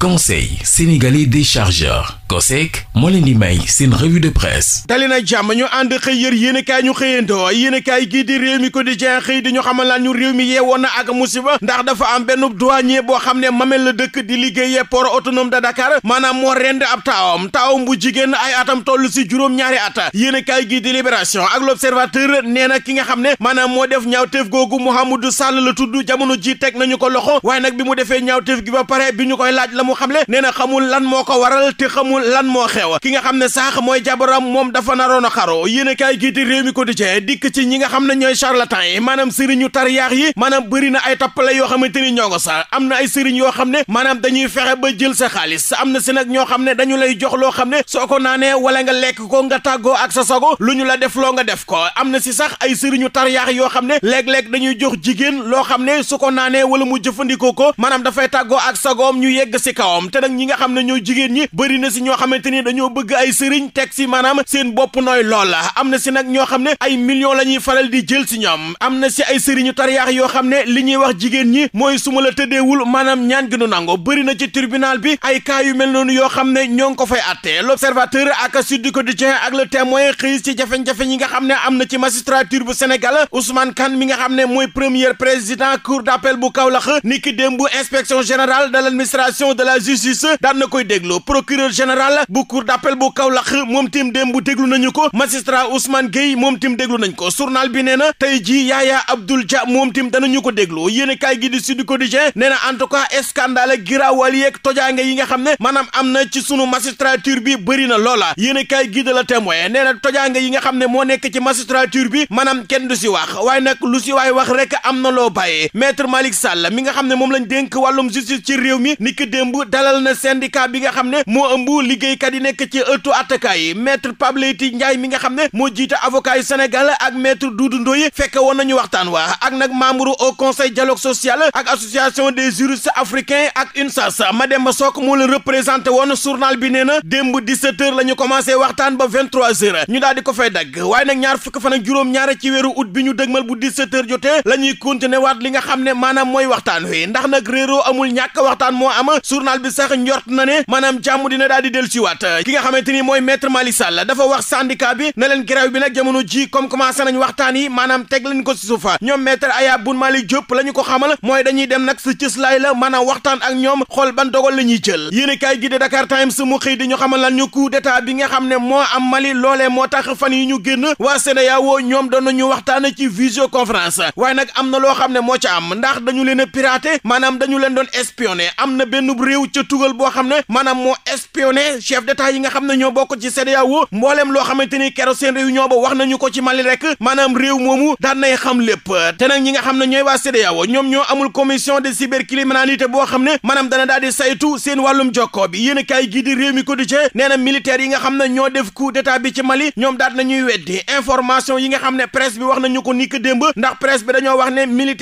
conseil sénégalais des chargeurs COSEC moo leen di may seen revue de presse dali na jàmm ñu ànd xëy yër yéenekaay ñu xëyandoo yéenekaay gii di réew mi quotidien xëy di ñu xamal laan ñu réew mi yeewoon na ak musiba ndax dafa am benn douanier boo xam ne mamel la dëkk di liggéeyee port autonome de Dakar maanaam moo rend ab taawam taawam bu jigéen ay atam toll si juróom-ñaari ata at yéenekaay gii di Libération ak L'Observateur nee na ki nga xam ne maanaam moo def ñaawteef googu Mouhamadou Sall la tudd jamono ji teg nañu ko loxo waaye nag bi mu xamle nee na xamul lan moo ko waral xamul lan moo xew ki nga xam ne sax mooy jabaram moom dafa naroon a xaro yéen kaay gii di réew mi dikk ci ñi nga xam ne ñooy charlatan yi maanaam sëriñu tariyaax yi maanaam bëri na ay tappale yoo xamante ni ñoo nga sa am na ay sëriñ yoo xam ne maanaam dañuy fexe ba jël sa xaalis am na si nag ñoo xam ne dañu lay jox loo xam ne soo ko naanee wala nga lekk ko nga tàggoo ak sa sago lu ñu la def loo nga def ko am na si sax ay sëriñu tariyaax yoo xam ne léeg-léeg dañuy jox jigéen loo xam ne su ko naanee wala mu jëfandikoo ko maanaam dafay tàggoo ak sagoom ñu yegg si kawam te nag ñi nga xam ne ñoo jigéen ñi bëri na si ñoo xamante ni dañoo bëgg ay sëriñ teg si maanaam seen bopp nooy lool am na si nag ñoo xam ne ay millions la ñuy faral di jël si ñoom am na si ay sëriñu tariyaax yoo xam ne li ñuy wax jigéen ñi mooy su ma la tëddeewul maanaam ñaan gi nu nango bëri na ci tribunal bi ay cas yu mel noonu yoo xam ne ñoo ngi ko fay àtte l'observateur ak Sud Quotidien ak le témoin xëy ci jafe-jafe ñi nga xam ne am na ci magistrature bu Sénégal Ousmane Kane mi nga xam ne mooy premier président cour d'appel bu Kaolack niki démb inspection générale de l'administration de la justice daan na koy dégloo procureur général bu cour d'appel kaw Kaolack moom tim démb bu déglu nañu ko magistrat Ousmane Gueye moom tim déglu nañ ko surnal bi nee na tey jii Yaya Abdoul Dia moom tim ñu ko déglu yéen a kaay gi di Sud Quotidien nee na en tout cas scandale giraawal yeeg tojaange yi nga xam ne maanaam am na ci sunu magistrature bi bëri na loola yéen a kaay gi de la témoin nee na tojaange yi nga xam ne moo nekk ci magistrature bi maanaam kenn du si wa waaye nag lu si waay wax rek am na loo bàyyee maître Malick Sall mi nga xam ne moom lañ dénk wàllum justice ci réew mi ni ki démb démb dalal na syndicat bi nga xam ne moo ëmb liggéeykat yi nekk ci ëttu attakaay yi maître Pape Leyti Ndiaye mi nga xam ne moo jiite avocat yu Sénégal ak maître Doudou Ndoye fekk woon nañu waxtaan waa ak nag membre au conseil dialogue social ak association des juristes africains ak ma UNSAS Mademba Sock moo leen représenté woon journal bi nee na démb 17h la ñu commencé waxtaan ba 23h ñu daal di ko fay dagg waaye nag ñaar fukk fan ak juróom-ñaar ci weeru août bi ñu dëgmal bu 17h la ñuy continuer waat li nga xam ne maanaam mooy waxtaan wi ndax nag réeroo amul ñàkk waxtaan moo am journal bi sax njort na ne maanaam jàmm dina daal di ci waat ki nga xamante mooy maître Malick Sall dafa wax syndicat bi na leen grève bi nag jamono ji comme commencé nañ waxtaan yi teg lañ ko suufa ñoom maître Aya Boun Malick Diop la ko xamal mooy dañuy dem nag sa cëslaay la maanaam waxtaan ak ñoom xool ban dogal la ñuy jël yéen kaay de Dakar Times mu xëy di ñu xamal lan ñu coup d'état bi nga xam ne moo am Mali loolee moo tax fan yi ñu génn waa e e CEDEAO a piraté réew ca tugal boo xam ne maanaam moo espionné chef d'état yi nga xam ne ñoo bokk ci CEDEAO mbooleem loo xamante e e ñoo amul commission de cybercriminalité boo xam ne maanaam dana daal di a kaay gii di yi nga xam ne ñoo def coup d'état bi ci ñoom ko ni ko démb ndax presse bi dañoo wax ne nee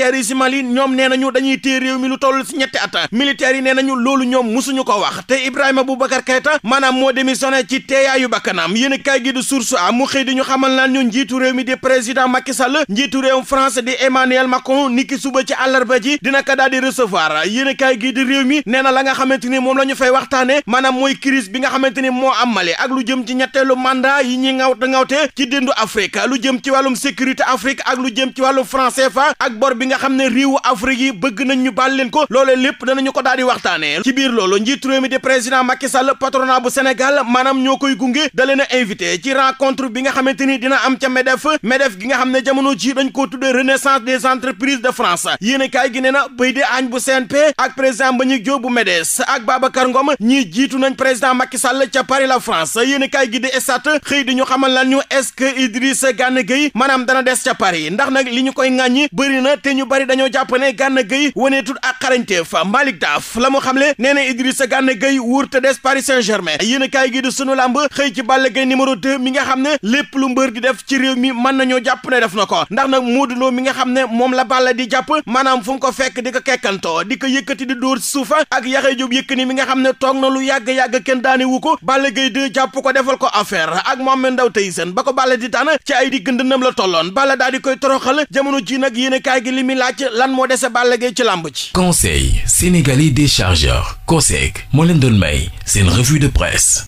nañu dañuy téye réew mi lu toll si ñetti at militaires yi nee nañu loolu lu ñoom musuñu ko wax te Ibrahima Boubacar Keita maanaam moo démissionné ci teyaayu bakkanam yéen kaay gi di source a mu xëy ñu xamal naa ñu njiitu réew mi di président Macky Sall njiitu réewum France di Emmanuel Macron niki suba ci àllarba ji dina ko daal di recevoir yéen di réew mi nee na la nga xamante ni moom la ñu fay waxtaane maanaam mooy crise bi nga xamante ni moo am Mali ak lu jëm ci ñetteelu mandat yi ñuy ngawte ngawte ci déndu Afrique lu jëm ci wàllum sécurité Afrique ak lu jëm ci wàllum franc CFA ak bor bi nga xam ne réewu Afrique yi bëgg nañ ñu baal leen ko loolee lépp danañu ko daal di waxtaane ci biir loolu njiitu réew mi di président Macky Sall patronat bu Sénégal maanaam ñoo koy gunge da leen a invité ci rencontre bi nga xamante ni dina am ca MEDEF MEDEF gi nga xam ne jamono ji dañ koo tuddee renaissance des entreprises de France yéen a kaay gi nee na béy de añ bu CNP ak président Mbagnick Diop bu MEDES ak Babacar Ngom ñii jiitu nañ président Macky Sall ca Paris la France yéen a gi di Esat xëy di ñu xamal lan ñu est-ce que Idrissa Gana Gueye maanaam dana des ca Paris ndax nag li ñu koy ŋàññi bëri na ñu bëri dañoo jàpp ne Gana Gueye waneetul ak xarañte fa Malick Daaf la mu nee na Idrissa Gana Gueye wóor te des Paris Saint-Germain yéen a kaay gi di sunu làmb xëy ci Balla Gaye numéro 2 mi nga xam ne lépp lu mbër di def ci réew mi mën nañoo jàpp ne def na ko ndax nag Modou Lo mi nga xam ne moom la Balla di jàpp maanaam fu mu ko fekk di ko kekkantoo di ko yëkkati di dóor suufa ak Yaxya Jóob Yékini mi nga xam ne toog na lu yàgg-yàgg kenn daane wu ko Balla Gaye 2 jàpp ko defal ko affaire ak Mohamed Ndao Tyson ba ko Balla di daan ci ay digg ndëndam la tolloon Balla daal di koy toroxal jamono ji nag yéen a li mi laaj lan moo dese Balla ci làmb ji Conseil sénégalais des chargeurs Conseil moo leen doon may seen revue de presse